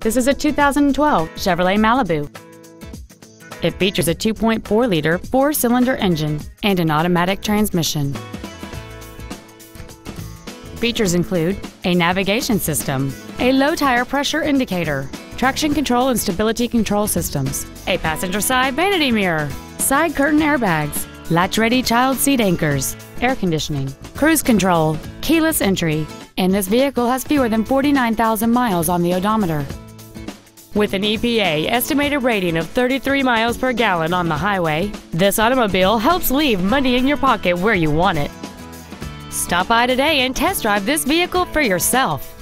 This is a 2012 Chevrolet Malibu. It features a 2.4-liter four-cylinder engine and an automatic transmission. Features include a navigation system, a low-tire pressure indicator, traction control and stability control systems, a passenger side vanity mirror, side curtain airbags, latch-ready child seat anchors, air conditioning, cruise control, keyless entry, and this vehicle has fewer than 49,000 miles on the odometer. With an EPA estimated rating of 33 miles per gallon on the highway, this automobile helps leave money in your pocket where you want it. Stop by today and test drive this vehicle for yourself.